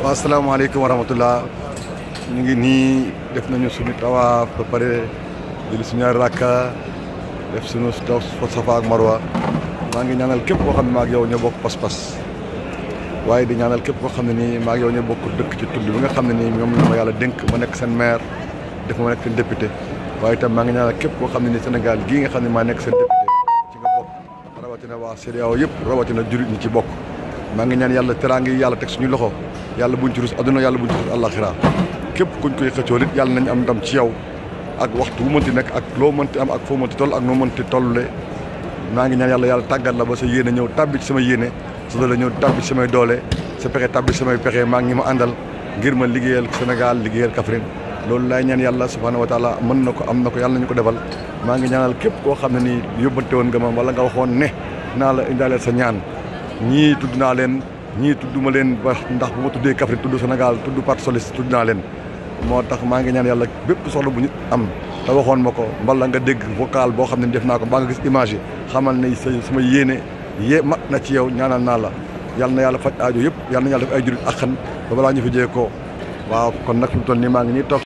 Assalamualaikum warahmatullahi wa rahmatullah ñu ngi nii def nañu suñu tawaaf ba pare jëli suñu rakka def suñu safa ak marwa maa ngi ñaanal képp koo xam ne ak yow pas-pas Waye di ñaanal képp koo xam ni nii maa ak yow ñoo bokk dëkk ci tund bi nga xam ni nii ñoom la ma yàlla dénk ma nekk seen maire def ma nekk seen député waaye itam maa ngi ñaanal képp Sénégal nga xam ne maa nekk député ci nga bokk rawatina waa rawatina jurit ñi ci bokk maa ngi ñaan yalla teraanga yi yàlla teg suñu loxo yalla buñ ci rus aduna yalla buñ ci rus àllaxira képp kuñ koy xëccoo nit yalla nañ am ndam ci yow ak waxtu mu mënti nek ak lo mënti am ak fo mënti toll ak no mënti tollule maa ngi ñaan yalla yalla tagal la ba sa yéene ñew tabbi ci sama yéene sa doole ñew tabbi ci sama doole sa pexé tabbi ci samay pexe ngi ma ngir ma liggéeyal Sénégal liggéeyal kafrine loolu lay ñaan yalla subhanahu wa taala mën nako am nako yalla ñu ko defal maa ngi ñaanal kep ko xamni ne won yóbbante nga ma wala nga waxoon ne la indalé sa ñaan ñii tudd naa leen ñii tudd ma leen ba ndax bu ma tuddee Kaffrine tudd Sénégal tudd parti socialiste tudd naa leen moo tax maa ngi ñaan yàlla bépp soxla bu ñu am te waxoon ma ko mbala nga dégg vocal boo xam ne def naa ko mbaa nga gis image yi xamal ne sama yéene yee ma na ci yow ñaanal naa la yàlla na yàlla faj aajo yëpp yal na yàlla def ay jurit ak xan ba balaa ñu fi jee koo waaw kon nag fi toll nii maa ngi nii